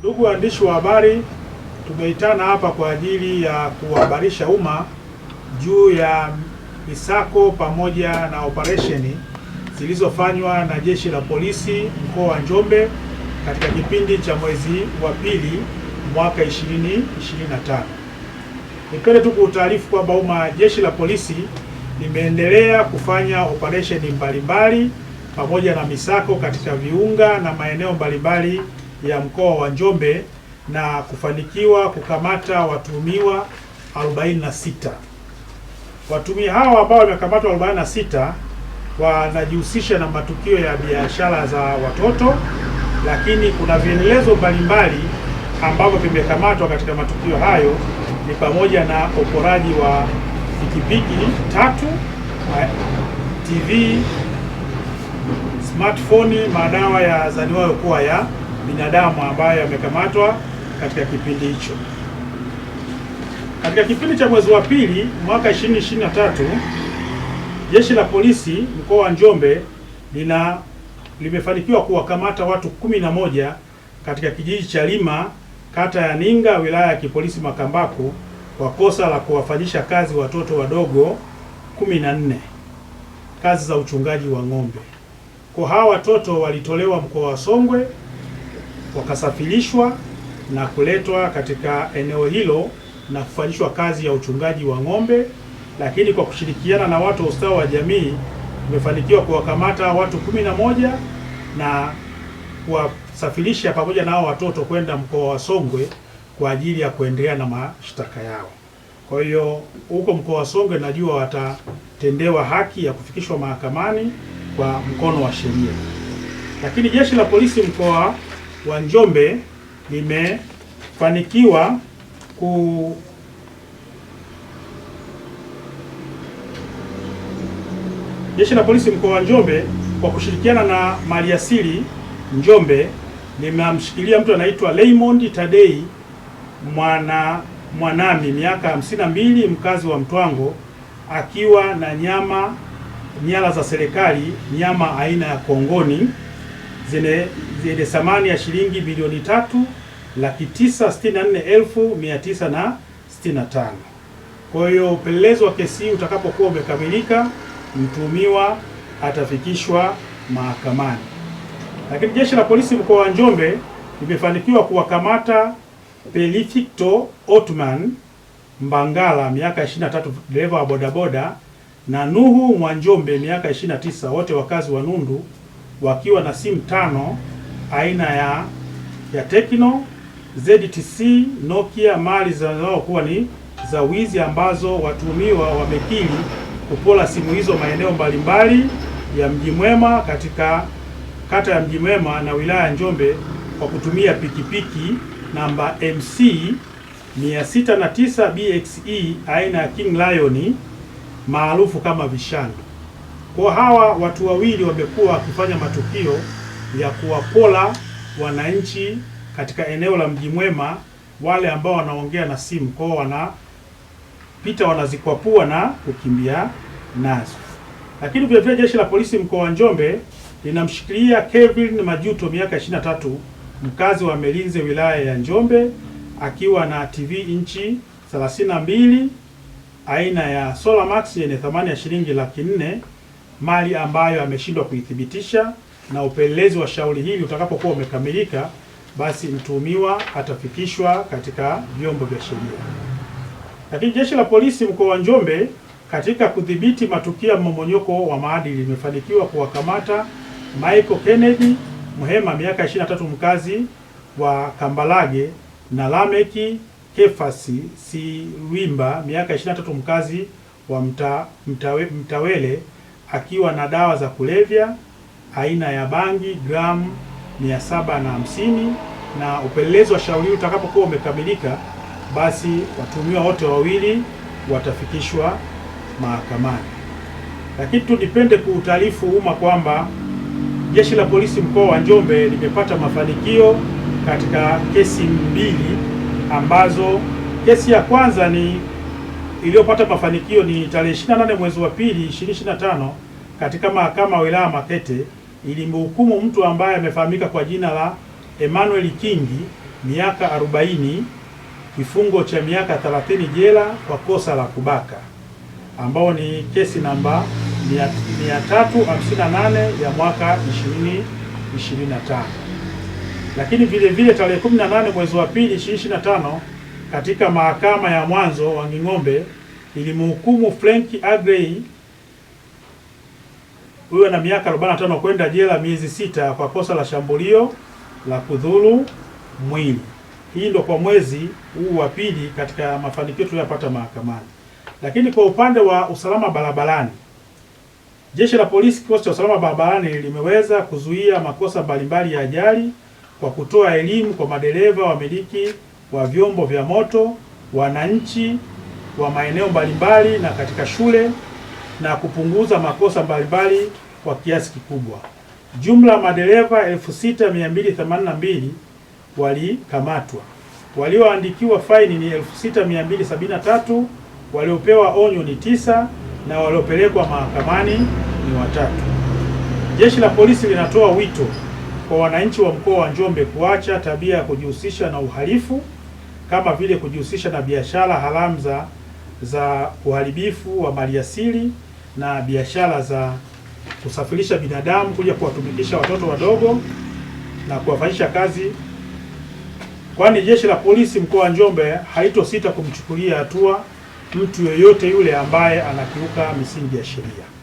Ndugu waandishi wa habari, tumeitana hapa kwa ajili ya kuhabarisha umma juu ya misako pamoja na operesheni zilizofanywa na Jeshi la Polisi mkoa wa Njombe katika kipindi cha mwezi wa pili mwaka 2025. Nipende tu kuutaarifu kwamba umma, Jeshi la Polisi limeendelea kufanya operesheni mbalimbali pamoja na misako katika viunga na maeneo mbalimbali ya mkoa wa Njombe na kufanikiwa kukamata watuhumiwa 46. Watuhumiwa hao ambao wamekamatwa 46 wanajihusisha na matukio ya biashara za watoto, lakini kuna vielelezo mbalimbali ambavyo vimekamatwa katika matukio hayo ni pamoja na uporaji wa pikipiki tatu, eh, TV, smartphone, madawa ya zaniwayo kuwa ya binadamu ambayo yamekamatwa katika kipindi hicho. Katika kipindi cha mwezi wa pili mwaka 2023 jeshi la polisi mkoa wa Njombe lina limefanikiwa kuwakamata watu kumi na moja katika kijiji cha Lima kata ya Ninga wilaya ya kipolisi Makambaku kwa kosa la kuwafanyisha kazi watoto wadogo 14 kazi za uchungaji wa ng'ombe. Kwa hawa watoto walitolewa mkoa wa Songwe wakasafirishwa na kuletwa katika eneo hilo na kufanyishwa kazi ya uchungaji wa ng'ombe, lakini kwa kushirikiana na watu wa ustawi wa jamii tumefanikiwa kuwakamata watu kumi na moja na kuwasafirisha pamoja na hao watoto kwenda mkoa wa Songwe kwa ajili ya kuendelea na mashtaka yao. Kwa hiyo huko mkoa wa Songwe najua watatendewa haki ya kufikishwa mahakamani kwa mkono wa sheria. Lakini jeshi la polisi mkoa wa Njombe limefanikiwa ku Jeshi la Polisi mkoa wa Njombe kwa kushirikiana na Maliasili Njombe limemshikilia mtu anaitwa Raymond Tadei mwana Mwanami miaka hamsini na mbili mkazi wa Mtwango akiwa na nyama nyala za serikali, nyama aina ya kongoni zenye zenye thamani ya shilingi bilioni tatu laki tisa sitini na nne elfu mia tisa na sitini na tano. Kwa hiyo upelelezi wa kesi hii utakapokuwa umekamilika, mtuhumiwa atafikishwa mahakamani. Lakini jeshi la polisi mkoa wa Njombe limefanikiwa kuwakamata Pelifito Otman Mbangala miaka 23, dereva wa bodaboda na Nuhu Mwanjombe miaka 29, wote wakazi wa Nundu wakiwa na simu tano aina ya ya Tecno, ZTC, Nokia, mali zinazokuwa ni za wizi ambazo watuhumiwa wamekili kupola simu hizo maeneo mbalimbali ya Mji Mwema katika kata ya Mji Mwema na wilaya ya Njombe kwa kutumia pikipiki namba MC 609 BXE aina ya King Lion maarufu kama Vishando. Kwa hawa watu wawili wamekuwa wakifanya matukio ya kuwapola wananchi katika eneo la Mji Mwema, wale ambao wanaongea na simu kwao, wanapita wanazikwapua na kukimbia nazo. Lakini vile vile jeshi la polisi mkoa wa Njombe linamshikilia Kevin Majuto miaka 23 mkazi wa Melinze wilaya ya Njombe akiwa na TV inchi 32 aina ya Solar Max yenye thamani ya shilingi laki nne mali ambayo ameshindwa kuithibitisha, na upelelezi wa shauri hili utakapokuwa umekamilika, basi mtuhumiwa atafikishwa katika vyombo vya sheria. Lakini jeshi la polisi mkoa wa Njombe katika kudhibiti matukio ya mmomonyoko wa maadili limefanikiwa kuwakamata Michael Kennedy Mhema miaka 23 mkazi wa Kambalage na Lameki Kefasi Siwimba miaka 23 mkazi wa mta, mtawe, Mtawele akiwa na dawa za kulevya aina ya bangi gramu 750 na upelelezi wa shauri hili utakapokuwa umekamilika, basi watuhumiwa wote wawili watafikishwa mahakamani. Lakini tu dipende kuutaarifu umma kwamba Jeshi la Polisi mkoa wa Njombe limepata mafanikio katika kesi mbili ambazo kesi ya kwanza ni iliyopata mafanikio ni tarehe 28 mwezi wa pili 2025 katika mahakama ya wilaya Makete ilimhukumu mtu ambaye amefahamika kwa jina la Emmanuel Kingi miaka 40 kifungo cha miaka 30 jela kwa kosa la kubaka ambao ni kesi namba 358 ya mwaka 2025. Lakini vile vile tarehe 18 mwezi wa pili 2025 katika mahakama ya mwanzo Wanging'ombe ilimhukumu Frank Agrey huyo na miaka 45 kwenda jela miezi sita kwa kosa la shambulio la kudhuru mwili. Hii ndo kwa mwezi huu wa pili katika mafanikio tuliyopata mahakamani. Lakini kwa upande wa usalama barabarani, jeshi la polisi kikosi cha usalama barabarani limeweza kuzuia makosa mbalimbali ya ajali kwa kutoa elimu kwa madereva, wamiliki wa vyombo vya moto, wananchi wa maeneo mbalimbali na katika shule na kupunguza makosa mbalimbali kwa kiasi kikubwa. Jumla madereva 6282 walikamatwa. Walioandikiwa faini ni 6273, waliopewa onyo ni tisa na waliopelekwa mahakamani ni watatu. Jeshi la polisi linatoa wito kwa wananchi wa mkoa wa Njombe kuacha tabia ya kujihusisha na uhalifu kama vile kujihusisha na biashara haramu za za uharibifu wa maliasili na biashara za kusafirisha binadamu kuja kuwatumikisha watoto wadogo na kuwafanyisha kazi, kwani Jeshi la Polisi mkoa wa Njombe haitosita kumchukulia hatua mtu yeyote yule ambaye anakiuka misingi ya sheria.